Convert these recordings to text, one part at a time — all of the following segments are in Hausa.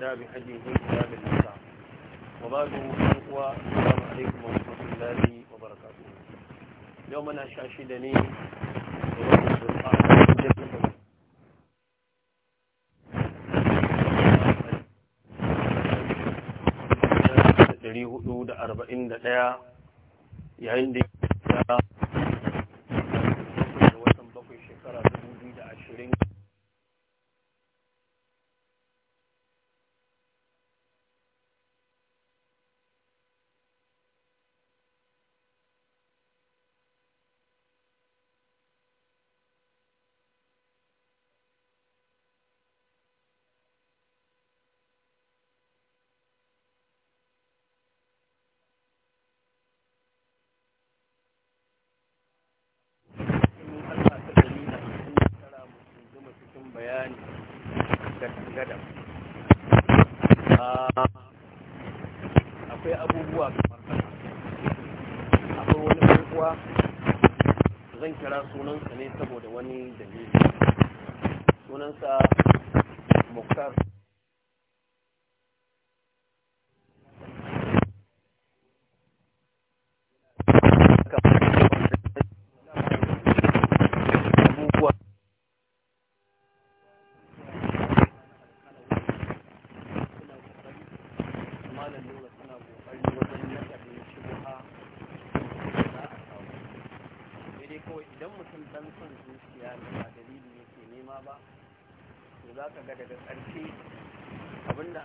آداب حجه وآداب بالمساء وبعد أخوة السلام عليكم ورحمة الله وبركاته يوم أنا شاشدني yayin da ya gadan ah, akwai abubuwa kamar kasa akwai wani kuwa zan kira sunansa ne saboda wani dalili sunansa muktar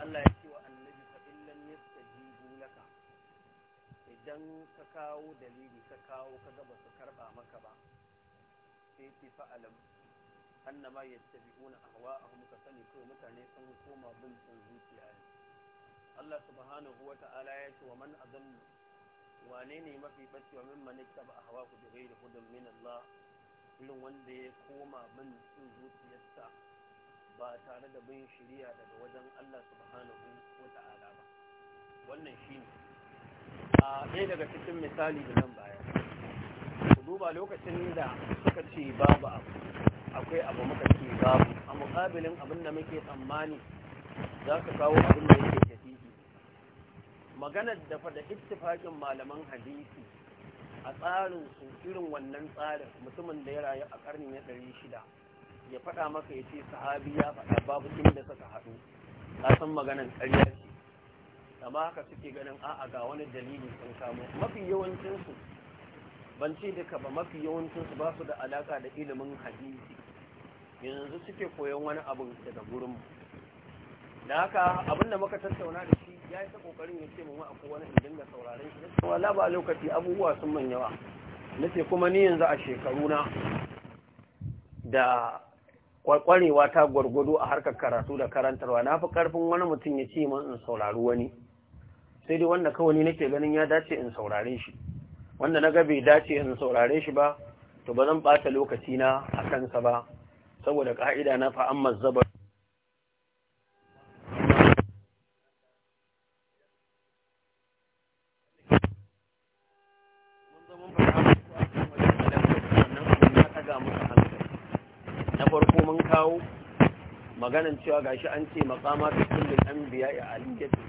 Allah ya ce wa annabi fa in laka idan ka kawo dalili ka kawo ka ga su karba maka ba sai ce fa alam annama yattabi'una ahwa'ahum ka sani ko mutane sun koma bin sun zuciya ne Allah subhanahu wa ta'ala ya ce wa man adallu wane ne mafi bacewa a hawa ku bi ghairi hudun min Allah irin wanda ya koma bin sun zuciyarsa ba tare da bin shirya daga wajen Allah subhanahu wa ta'ala ba wannan shine a ɗaya daga cikin misali da nan baya ku duba lokacin da suka ce babu abu akwai abu muka ce babu a muƙabilin abin da muke tsammani za ka kawo abin da yake tafihi maganar da fada ittifaƙin malaman hadisi a tsarin su irin wannan tsarin mutumin da ya rayu a ƙarni na ɗari shida ya faɗa maka ya ce sahabi ya faɗa babu inda suka haɗu ka san maganan ƙarya ce amma haka suke ganin a'a ga wani dalili sun samu mafi yawancinsu ban ce duka ba mafi yawancinsu ba su da alaka da ilimin hadisi yanzu suke koyon wani abu daga gurin mu da haka abin da muka tattauna da shi ya yi ta kokarin ya ce mu akwai wani indin da sauraren shi kuma la ba lokaci abubuwa sun manyawa nace kuma ni yanzu a shekaru na da kwarewa ta gwargwado a harkar karatu da karantarwa na fi karfin wani mutum ya ce man in saurari wani sai dai wanda kawai nake ganin ya dace in saurare shi wanda na ga bai dace in saurare shi ba to ba zan ɓata lokaci na a kansa ba saboda ka'ida na fa'an mazzabar Kawo maganan cewa gashi an ce makama ta kullum an biya a aliyyatu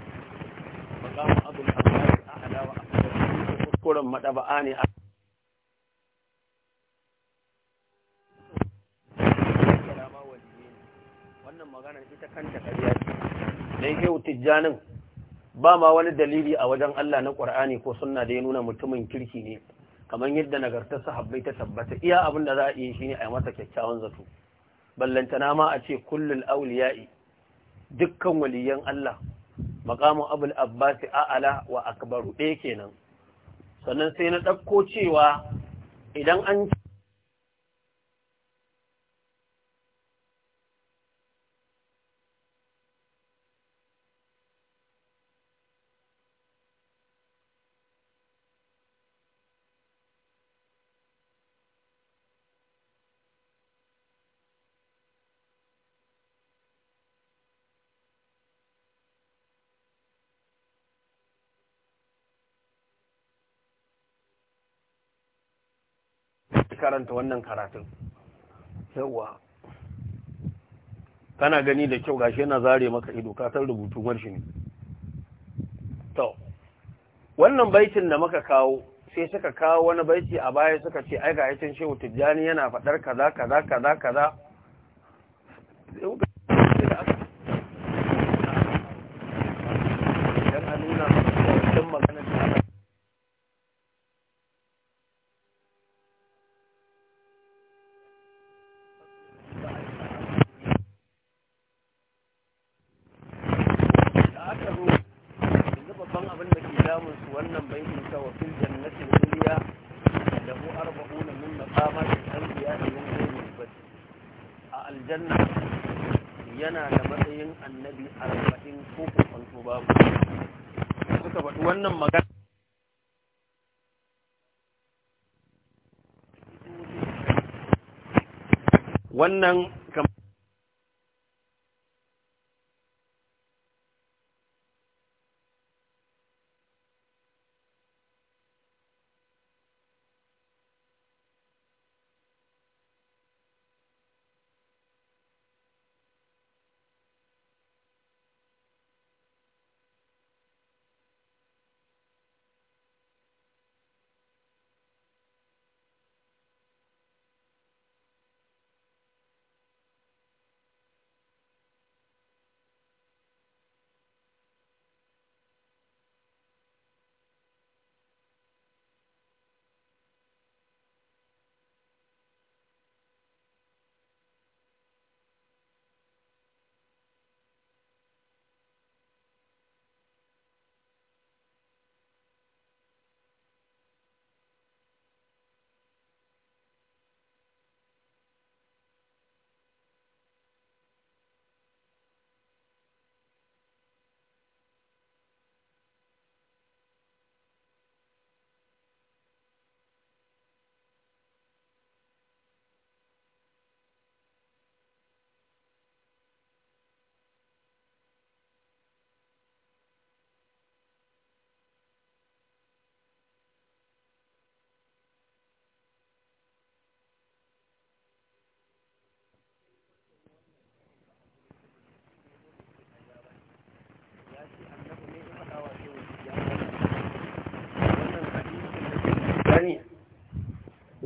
makama abin abuwa a halawa a kuskuren maɗaba'a ne a wannan maganar ita kanta ƙarya ce don hewu tijjanin ba ma wani dalili a wajen Allah na ƙwar'ani ko sunna da ya nuna mutumin kirki ne kamar yadda nagartar sahabbai ta tabbata iya abin da za a iya shi ne a yi masa kyakkyawan zato ballantana ma a ce kullul auliya'i dukkan waliyan Allah maqamu abul abbas a'ala wa akbaru ɗaya kenan sannan sai na ɗauko cewa idan an karanta wannan karatun yawwa kana gani da kyau gashi yana zare maka ido ka san rubutun warshi ne to wannan baitin da muka kawo sai suka kawo wani baiti a baya suka ce ai ga aitin shehu tijjani yana faɗar kaza kaza kaza kaza wannan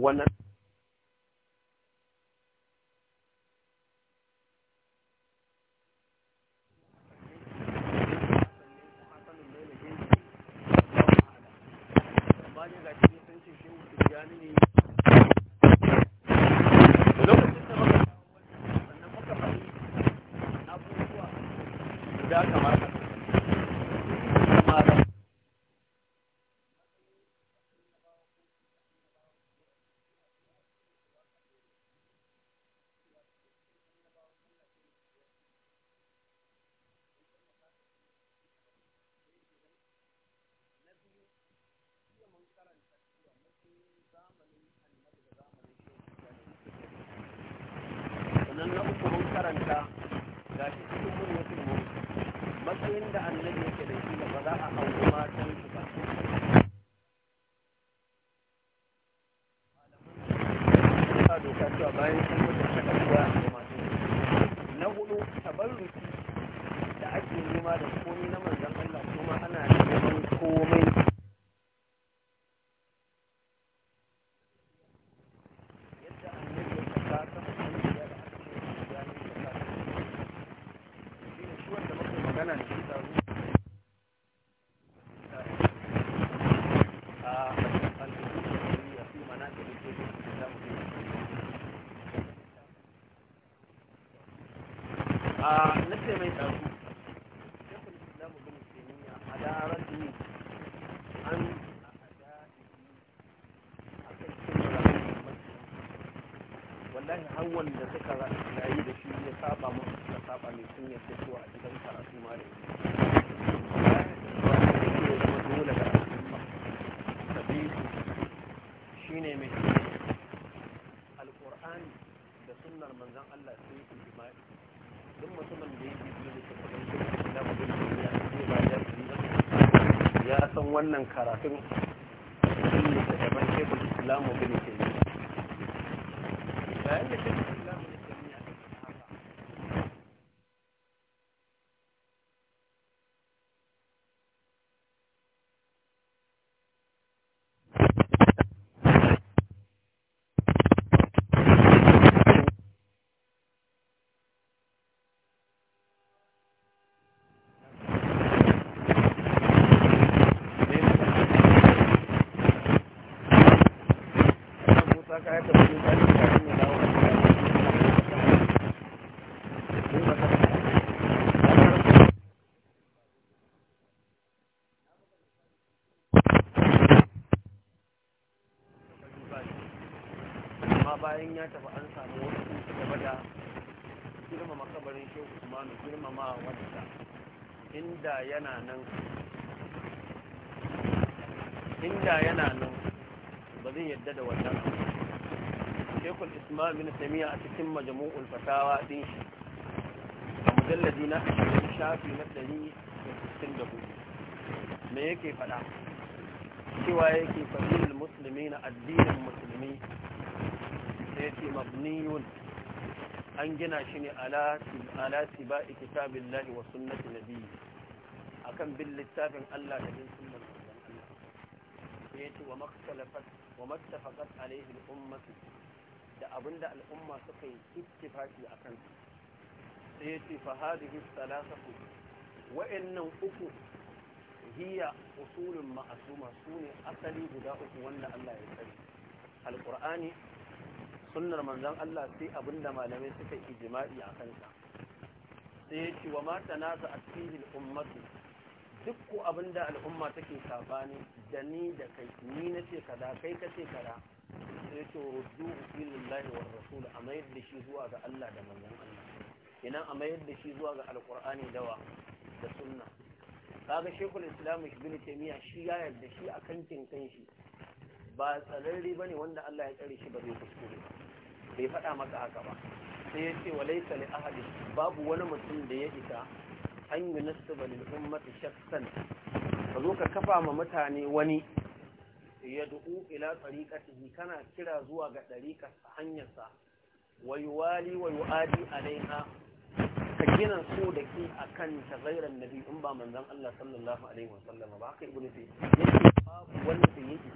one wannan karanta ga shi cikin mulkin mulki matsayin da annabi yake da shi ba za a auri matan shi ba wannan karatun kaya ta ta kaya ne bayan ya tafi an samu wasu su gaba da girmama kabarin shehu usmanu girmama wadda inda yana nan inda yana nan ba zai yadda da wannan abu shekul ismail bin taimiyya a cikin majamu'ul fatawa ɗin shi a mujalladi na ashirin shafi na ɗari da sittin da hudu me yake faɗa cewa yake fadilul musulmi na addinin musulmi sai yake an gina shi ne ala tiba kitabin lahi wa sunnati nabiyyi akan bin littafin Allah da wa عليه الأمة da abin da al'umma suka yi ittifaki a kan sai ya ce fa hadihi wa'annan uku hiya usulun ma'asuma sune asali guda uku wanda Allah ya tsare alqur'ani sunnar manzon Allah sai abinda malamai suka yi jima'i a kansa sai ya ce wa mata nasa a cikin ummatu duk abinda al'umma take sabani da ni da kai ni nace kada kai kace kada. sai ce ruddu ilallahi wa rasul a mayar da shi zuwa ga Allah da manzon Allah Ina a mayar da shi zuwa ga alqur'ani dawa da sunna kaga shekul islam ibn taymiya shi ya yarda shi akan kinkan shi ba tsararri bane wanda Allah ya tsare shi ba zai kuskure bai faɗa maka haka ba sai ya ce wa li ahadin babu wani mutum da ya isa an yunasaba lil ummati shakhsan ka zo ka kafa ma mutane wani yad'u ila tariqatihi kana kira zuwa ga dariqar hanyarsa wa wali wa yuadi alaiha ka gina so da ke akan ta gairan nabi in ba manzon Allah sallallahu alaihi wasallam ba haka ibnu fi yake babu wanda yake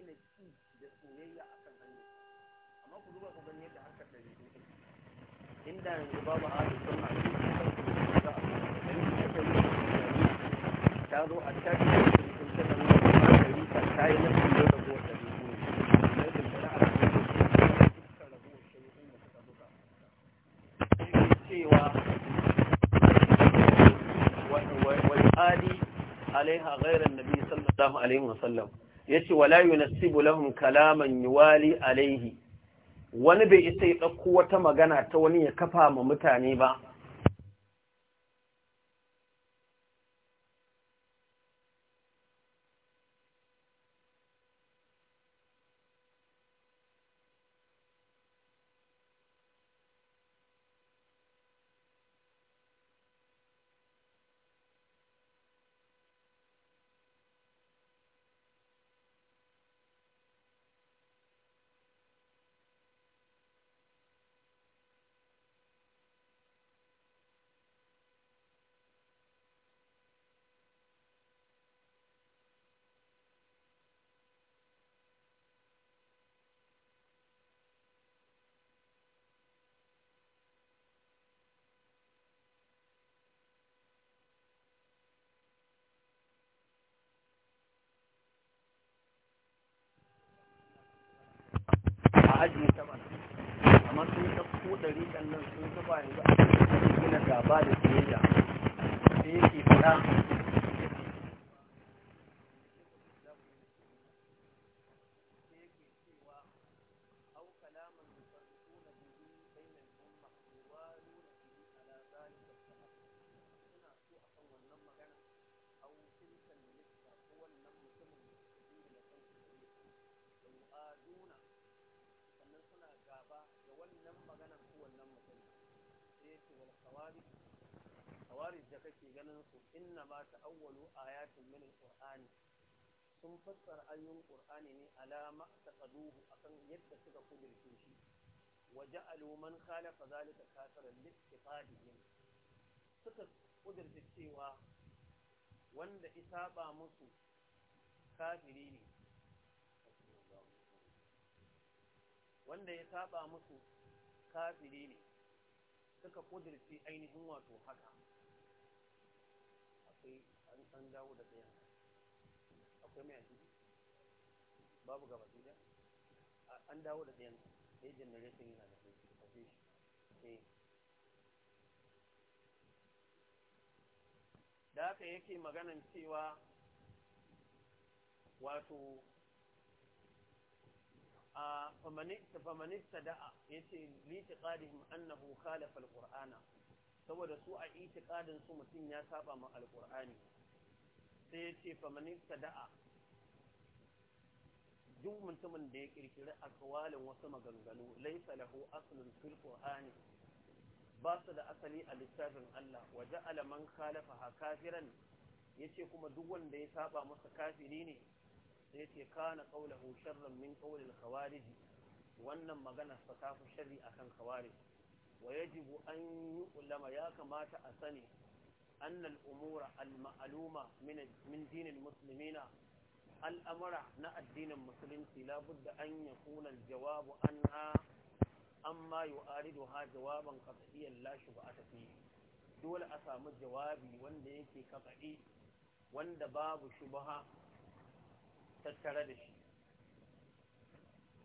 Thank you. da soyayya a kan hanyar amma ku duba ku gani yadda harkar da zai take inda yanzu babu ahli sunna za a ta zo a tashi da ta yi nuna gari ta tayi na kullu da ko da cewa wal ali alaiha ghairan nabi sallallahu yace wala yunasibu lahum kalaman yuwali alaihi wani bai isa ya ɗauko wata magana ta wani ya kafa ma mutane ba ajiye ta ba amma sun ta ko ɗari nan sun ta yanzu a cikin gaba da siyayya sai yake fada kawaris da kake ganin su inna ma ta'awwalu ayatin min al sun fassara ayyun qur'ani ne ala ma taqaduhu akan yadda suka kudirce shi wa ja'alu man khalafa zalika kafiran liqtadihim suka kudirce cewa wanda isaba musu kafiri ne wanda ya saba musu kafiri ne suka kudirce ainihin wato haka akwai an dawo da tsayin akwai mai yanzu babu gaba da an dawo da tsayin sai generation yana da kai kafin shi eh. da haka yake maganan cewa wato famanista da'a ya ce litiƙadihim annahu khalafa alƙur'ana saboda su a itiƙadin su mutum ya saba ma alƙur'ani sai ya ce da'a duk mutumin da ya a akwalin wasu maganganu laisa lahu aslun fil qur'ani ba su da asali a littafin Allah wa ja'ala man khalafa kafiran yace kuma duk wanda ya saba masa kafiri ne sai ce kana qawluhu sharran min qawli al wannan magana fa ta fi sharri akan khawarij wa yajibu an yu'lama ya kamata a sani anna umura al-ma'luma min min din al na addinin musulunci la budda an yakuna al-jawab anna amma yu'ariduha jawaban qat'iyyan la shubha fi dole a samu jawabi wanda yake kafadi wanda babu shubha tattare da shi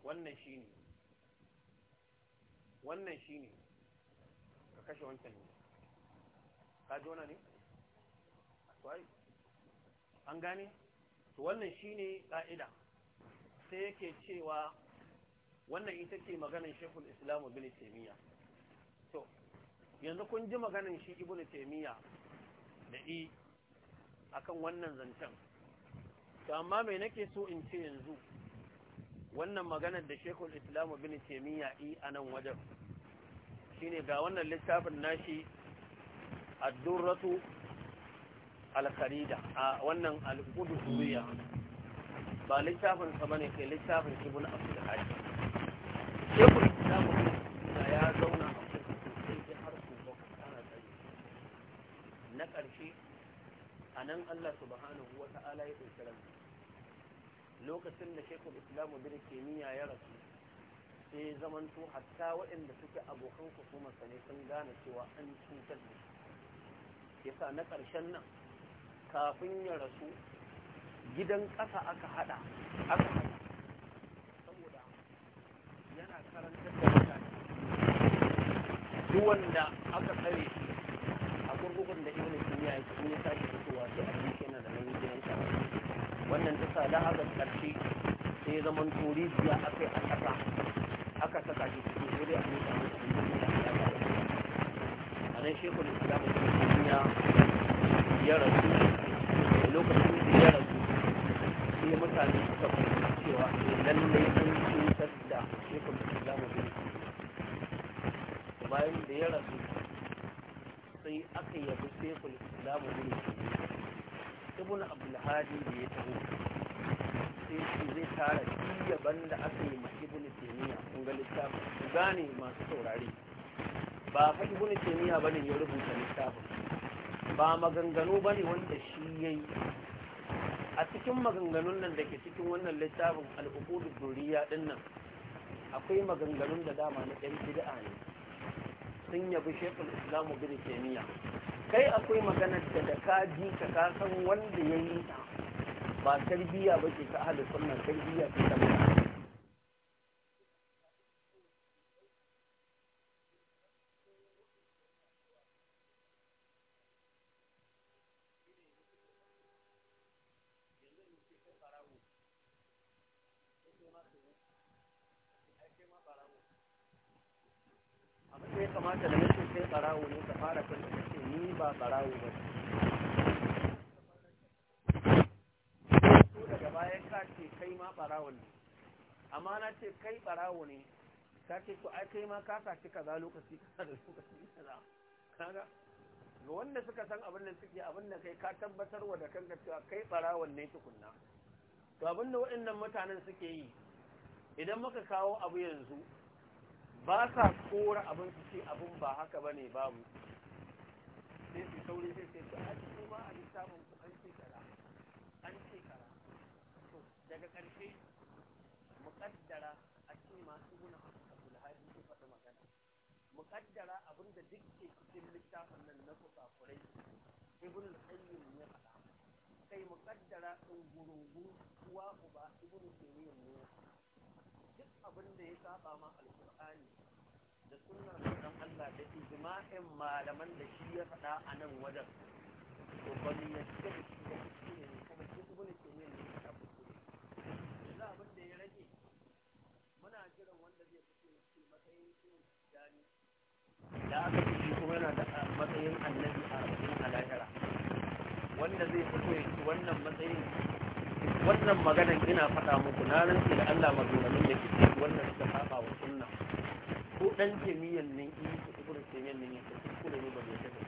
wannan shi ne wannan shi ne ka kashe wancan ne ka jona ne an gane to wannan shi ne ƙa'ida sai yake cewa wannan ita ce maganin shekul islamu bin taimiyya to yanzu kun ji maganin shi ibn taimiyya da i akan wannan zancen to amma me nake so in ce yanzu wannan maganar da shekul islamu bin taimiyya yi a nan wajen shine ga wannan littafin nashi addurratu alkarida a wannan alkudu suriya ba littafin sa bane ke littafin ibn abdul hadi shekul islamu da ya zauna a cikin har su ba tsaye na ƙarshe a nan allah subhanahu wa ta'ala ya ɗauki lokacin da shekul islamu bin kimiyya ya rasu sai zamanto hatta waɗanda suke abokan hukumarsa ne sun gane cewa an cutar da shi yasa na ƙarshen nan kafin ya rasu gidan ƙasa aka haɗa aka haɗa saboda yana karantar da mutane duwanda wanda aka tsare a kurkukun da ibn kimiyya ya sake fitowa sai a yana da nan gidan shi wannan ta sa lahabar ƙarshe sai zaman turi turijiya a kai a ƙasa aka saka shi cikin sai dai a nuna musu a nan shekul islam ya ya rasu lokacin da ya rasu sai mutane suka fahimci cewa lallai an cutar da shekul islam bayan da ya rasu sai aka yabi shekul islam ne ibn abdulhadi da ya taho sai shi zai tara yaban da aka yi ma ibn taymiya kun ga littafin ku gane masu saurare ba fa ibn taymiya bane ya rubuta littafin ba maganganu bane wanda shi yayi a cikin maganganun nan da ke cikin wannan littafin al'ukudu duriya din nan akwai maganganun da dama na ɗan bid'a ne sun yabi shekul islamu bin taymiya kai akwai maganar da da ka ji ka kasan wanda ya yi ta ba tarbiya ba ke ta ahli sunna tarbiya ta tabbata da ya kamata da mutum sai tsarawo ne ta fara kan ni ba ɓarawo ba ce. so daga bayan ka ce kai ma barawo ne amma na ce kai ɓarawo ne ka ce to ai kai ma ka saci kaza lokaci kaza lokaci kaza kaga ga wanda suka san abin da suke abin da kai ka tabbatar wa da kanka cewa kai ɓarawon ne tukunna to abin da waɗannan mutanen suke yi idan muka kawo abu yanzu ba sa kora abin su ce abin ba haka bane babu sai su sai sai su aji ko ba a lissafin ku an an to daga ƙarshe muƙaddara a ce masu guna abu da hajji su faɗi magana muƙaddara abinda duk ke cikin littafin nan na kusakurai ibn al-qayyim ya faɗa kai muƙaddara ɗin gurungu uwa uba ibn al-qayyim ne duk abin da ya saba ma alƙur'ani da suna manzon Allah da ijma'in malaman da shi ya faɗa a nan wajen to ban ya ce shi ya shi ne kuma shi ibnu taymiyyah ne ya faɗa yanzu abin da ya rage muna jiran wanda zai fito ya shi matsayin shi jani da aka fi shi kuma yana da matsayin annabi a rabbin alakara wanda zai fito ya ci wannan matsayin wannan maganan ina faɗa muku na rantsi da Allah maganganun da ke wannan suka saba wa sunna ko dan jami'an nan yi ibnu taymiyyah nan ya tafi ko da ba da tafi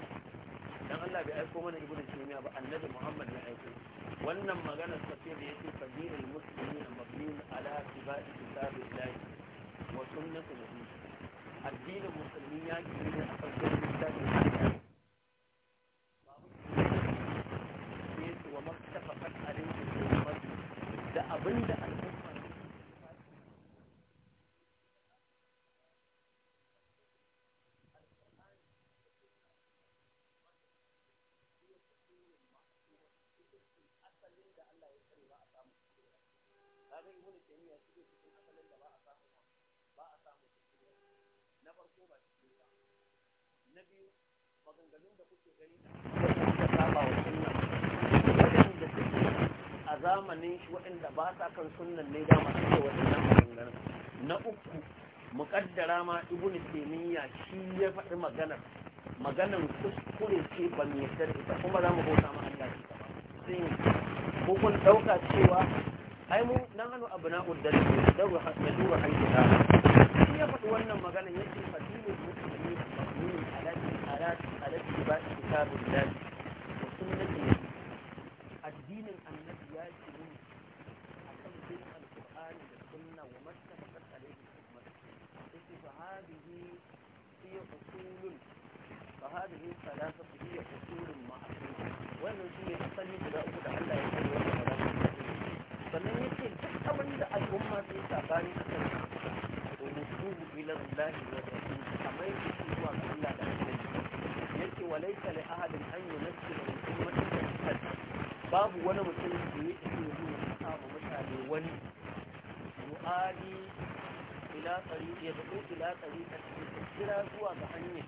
dan Allah bai aiko mana ibnu taymiyyah ba annabi Muhammad ya aiko wannan magana ce da yake fadilul muslimin mabniun ala tibai kitabillah wa sunnati nabi addinin musulmi ya ke ne a farkon littafin Allah da abinda na biyu maganganun da kuke gani da saba wa sunna waɗanda suke a zamanin shi waɗanda ba sa kan sunan ne dama suke waɗannan maganganun na uku muƙaddara ma ibn taymiya shi ya faɗi maganar maganar kuskure ce ban yadda ita kuma za mu bauta ma Allah ita ba sai ko kun ɗauka cewa ai mu nan hannu abu na uddar da dawo hasadu wa hankita shi ya faɗi wannan maganar yake fadilu nas alati ba kitabun nas wa sunnati addinin annabi ya ce ne akan bin alqur'ani da sunna wa mastafaqat alayhi ummah yake fa hadihi fi usulun fa hadihi thalathatu fi usulun ma'qul wannan uku da Allah ya kawo wannan sannan yake duk abin da al'umma sai sabani akan rubutu ila Allah wa rasul kamar yake walaita li ahadin an yunzila ummatin babu wani mutum da ke yi wa mutane wani yu'adi ila tsari ya zo ila tsari ta kira zuwa ga hanyar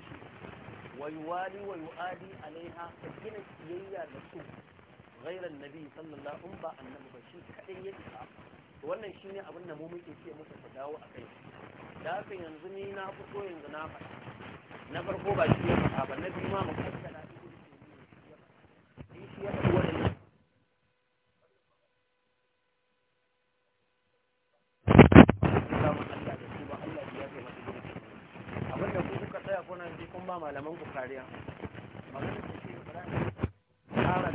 ويوالي ويؤادي عليها فجنة سيئة لسوء غير النبي صلى الله عليه وسلم أن بشيء كأن يدفع wannan shi ne abin da mu muke ce muka ta dawo a kai da haka yanzu ni na fito yanzu na faɗi na farko ba shi ya faɗa ba na biyu ma mu kaskala shi ya faɗi waɗannan abinda ku kuka tsaya kuna ji kun ba malaman ku kariya maganar da ke tsarar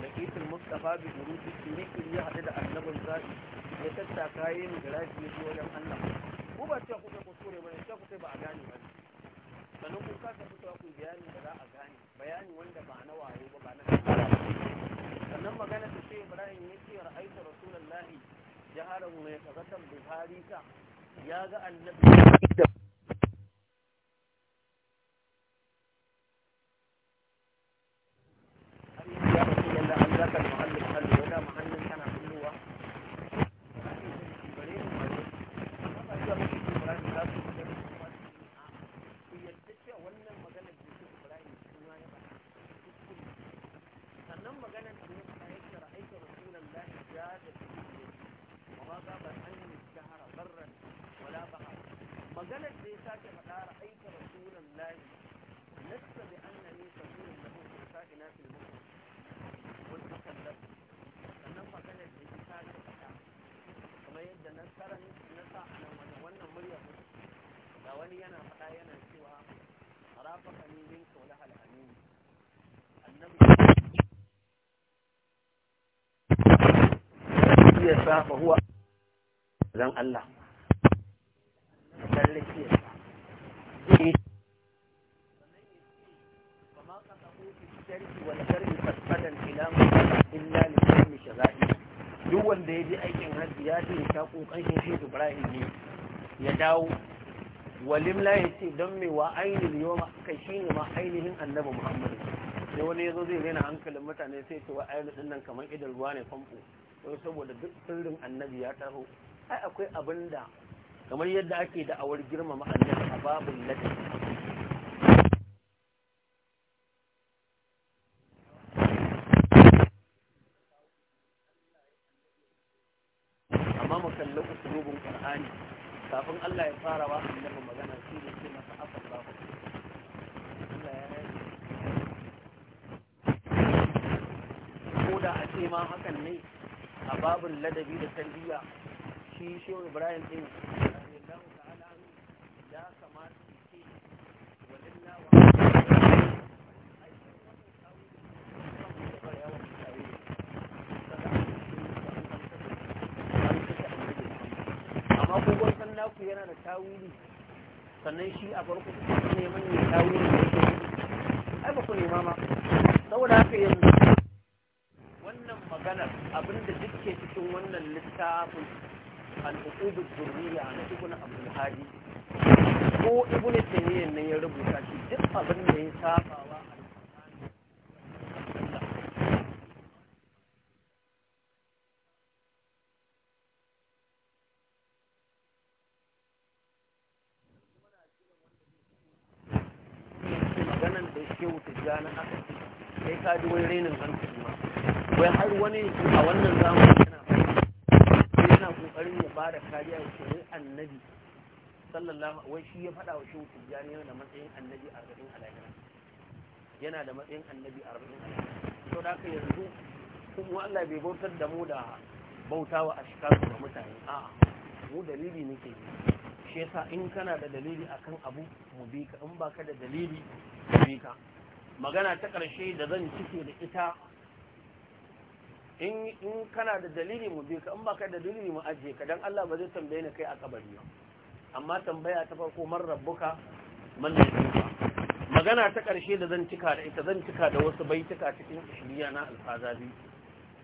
da kitin mustapha bi burutu cinikin ya haɗu da annabin zaɓi ya tattaka yin garaji ya ji wajen annabi ku ba ce kuka kuskure ba ne ku sai ba a gane ba ne sannan kun kasa fitowa ku bayani da za a gane bayani wanda ba na wayo ba ba na kasara sannan magana ta ce ibrahim ya ce ra'aita rasulullahi jaharan mai kazatan buhari ka ya ga annabi da ya yasa fa huwa zan Allah yasa duk wanda ya aikin hajji ya ce ta kokan shi ya dawo walim la yace don me wa ainihin yoma kai shine ma ainihin annabi Muhammadu? sai wani yazo zai rena hankalin mutane sai ce wa ainihin nan kamar idan ruwa ne famfo don saboda duk sirrin annabi ya taho ai akwai abin da kamar yadda ake awar girmama ma'anar a babin ladabi amma mu kalli usulubin ƙar'ani kafin Allah ya fara wa annabi magana babin ladabi da tarbiyya shi shehu ibrahim din ya yana a farko neman saboda haka yanzu maganar abinda duke cikin wannan littafin al'ubu zurriya na ibn abdulhadi ko ibn taymiyyah nan ya rubuta shi duk abin da ya sabawa maganan da ya shehu tijjani aka ce sai ka ji wani renin sallallahu wai shi ya fada wa shi tijjani yana da matsayin annabi arba'in a lahira yana da matsayin annabi arba'in a to da ka yanzu kuma Allah bai bautar da mu da bautawa a shikaru da mutane a'a mu dalili nake yi shi yasa in kana da dalili akan abu mu bi ka in baka da dalili mu bi ka magana ta ƙarshe da zan cike da ita in kana da dalili mu bi ka in baka da dalili mu ajiye ka dan Allah ba zai tambaye ni kai a kabari ba amma tambaya ta farko man rabbuka man rabbuka magana ta ƙarshe da zan cika da ita zan cika da wasu baituka cikin shiriya na alfazabi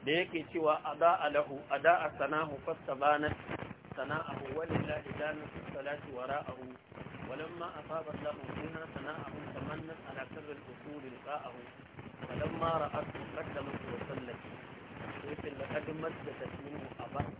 da yake cewa ada alahu ada asanahu fastabana sana'ahu walillahi dan salati wara'ahu walamma asaba lahu kunna sana'ahu tamanna ala sirri al-usul liqa'ahu walamma ra'at qaddama wa sallati sayyidul qadim masjidat minhu abad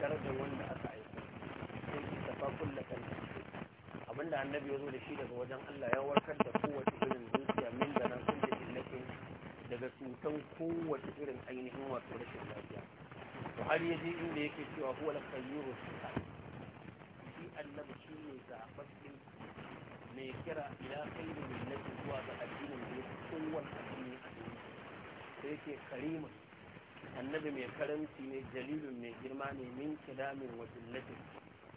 darajar wanda aka aiko sai ki tafa kulla kan abinda annabi ya zo da shi daga wajen Allah ya warkar da kowace irin zuciya min da nan kun da daga cutan kowace irin ainihin wato rashin lafiya to har ya je inda yake cewa huwa al-qayyuru shi annabi shi ne zaɓaɓɓen mai kira ila khairu millati zuwa ga addinin da ya kowanne addini a duniya sai yake karimin annabi mai karanci ne jalilun mai girma ne min kidamin wa jillatin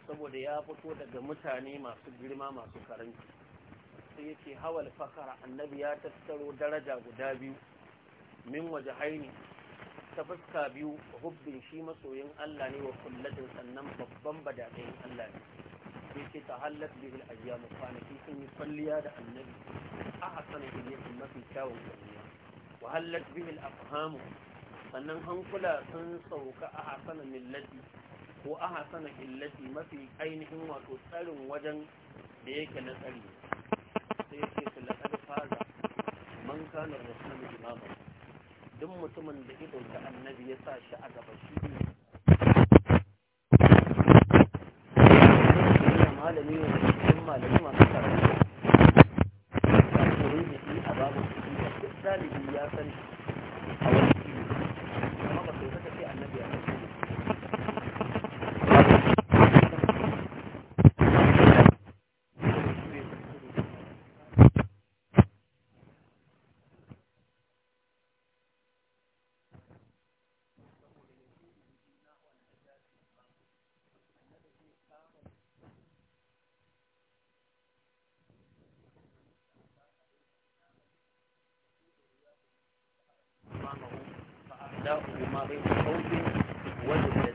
saboda ya fito daga mutane masu girma masu karanci sai yake hawal fakara annabi ya tattaro daraja guda biyu min waje haini ta fuska biyu hubbin shi masoyin Allah ne wa kullatin sannan babban badaɗayin Allah ne sai ce ta hallat bil ayyamu kwanaki sun yi kwalliya da annabi a hasanin ilyatin mafi kyawun kwalliya wa hallat bihil afhamu sannan hankula sun sauka a hasana millati ko a hasana illati mafi ainihin wato tsarin wajen da yake na tsari sai yake su laƙar faza man kanar rasulun imama duk mutumin da ido da annabi ya sa shi a gaba shi ya kuma rai da wanda